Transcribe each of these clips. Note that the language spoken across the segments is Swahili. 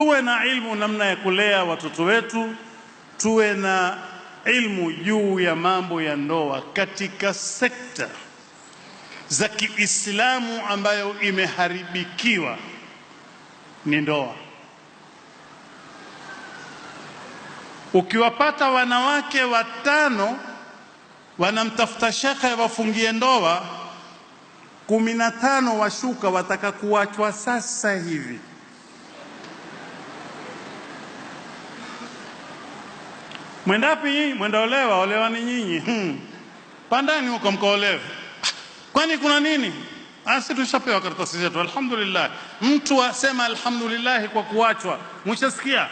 Tuwe na ilmu namna ya kulea watoto wetu, tuwe na ilmu juu ya mambo ya ndoa katika sekta za Kiislamu ambayo imeharibikiwa ni ndoa. Ukiwapata wanawake watano wanamtafuta shekhe wafungie ndoa, kumi na tano washuka wataka kuachwa sasa hivi. Mwendapi nyinyi? olewa ni nyinyi. Hmm. Pandani huko mkaolewe. Kwani kuna nini? Asi ah, tushapewa karatasi zetu, alhamdulillah. Mtu asema alhamdulillah kwa kuachwa, mwishasikia?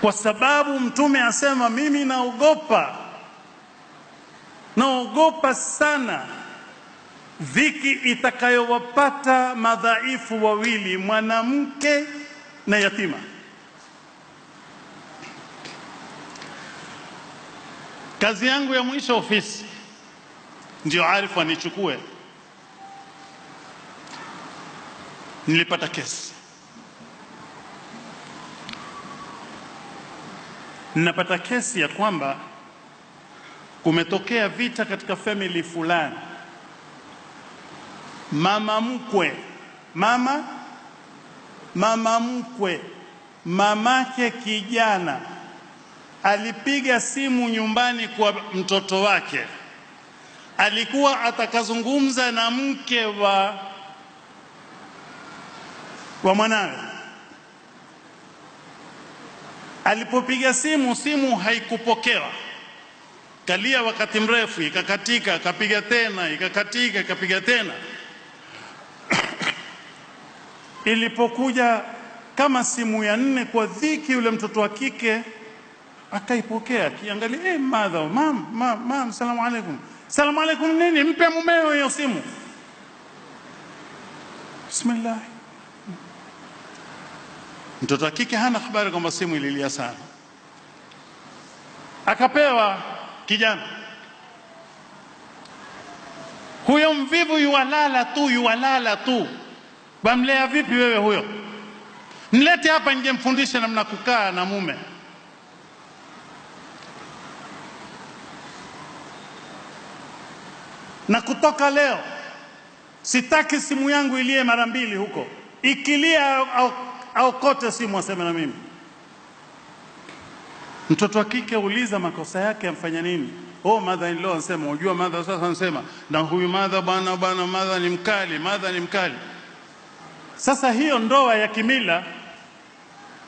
Kwa sababu Mtume asema mimi naogopa, naogopa sana dhiki itakayowapata madhaifu wawili, mwanamke na yatima. kazi yangu ya mwisho ofisi ndio arifu anichukue nilipata kesi ninapata kesi ya kwamba kumetokea vita katika family fulani mama mkwe mama mama mkwe mamake kijana alipiga simu nyumbani kwa mtoto wake, alikuwa atakazungumza na mke wa wa mwanawe. Alipopiga simu, simu haikupokewa, kalia wakati mrefu, ikakatika, akapiga tena, ikakatika, ikapiga tena. Ilipokuja kama simu ya nne, kwa dhiki, yule mtoto wa kike akaipokea akiangalia, eh, madha mam mam mam, salamu alaikum, salamu alaikum nini? Mpe mumeo hiyo simu. Bismillah, mtoto akike hana habari kwamba simu ililia sana. Akapewa kijana huyo, mvivu yuwalala tu, yuwalala tu. Bamlea vipi wewe huyo? Mlete hapa, ningemfundisha namna kukaa na mume na kutoka leo sitaki simu yangu ilie mara mbili huko, ikilia au, au kote simu aseme na mimi. Mtoto wa kike uliza makosa yake amfanya nini? Oh, mother in law anasema, unajua mother sasa anasema, na huyu mother bwana bwana, mother ni mkali, mother ni mkali. Sasa hiyo ndoa ya kimila,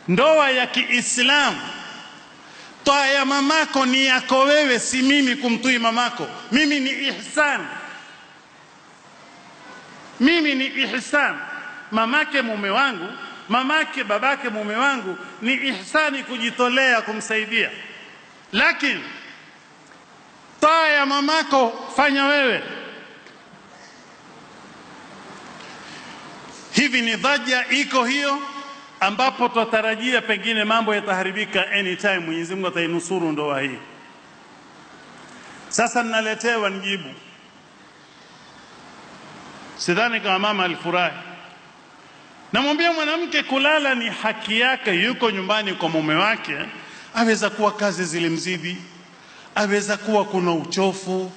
ndoa ya Kiislamu Toa ya mamako ni yako wewe, si mimi kumtui mamako. Mimi ni ihsan, mimi ni ihsan. Mamake mume wangu, mamake babake mume wangu, ni ihsani kujitolea kumsaidia. Lakini toa ya mamako fanya wewe. Hivi ni dhaja iko hiyo ambapo twatarajia pengine mambo yataharibika anytime. Mwenyezi Mungu atainusuru ndoa hii. Sasa ninaletewa nijibu, sidhani kama mama alifurahi. Namwambia mwanamke kulala ni haki yake, yuko nyumbani kwa mume wake. Aweza kuwa kazi zilimzidi, aweza kuwa kuna uchofu,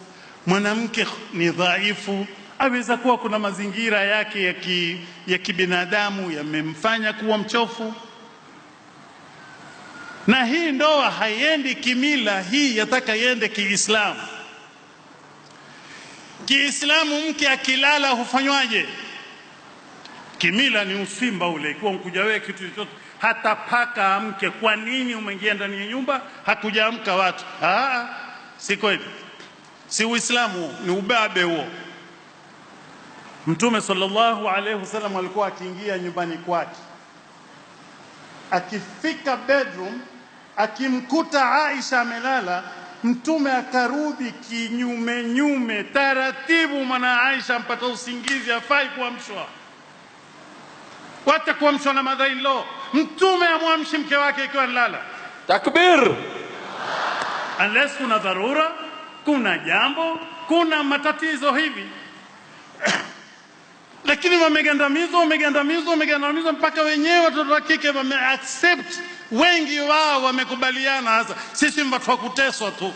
mwanamke ni dhaifu aweza kuwa kuna mazingira yake ya, ki, ya kibinadamu yamemfanya kuwa mchofu, na hii ndoa haiendi kimila, hii yataka iende Kiislamu. Kiislamu mke akilala hufanywaje? Kimila ni usimba ule, ikiwa mkuja wewe kitu chochote, hata paka amke. Kwa nini umeingia ndani ya nyumba hakujaamka watu? Ah, si kweli, si Uislamu, ni ubabe huo. Mtume sallallahu alayhi wasallam alikuwa akiingia nyumbani kwake, akifika bedroom akimkuta Aisha amelala, Mtume akarudi kinyume nyume taratibu, mwana Aisha ampata usingizi, afai kuamshwa wata kuamshwa na madhai lo. Mtume amwamshi mke wake ikiwa nlala Takbir! Unless kuna dharura, kuna jambo, kuna matatizo hivi lakini wamegandamizwa, wamegandamizwa, wamegandamizwa mpaka wenyewe watoto wa kike wameaccept, wengi wao wamekubaliana. Sasa sisi kuteswa tu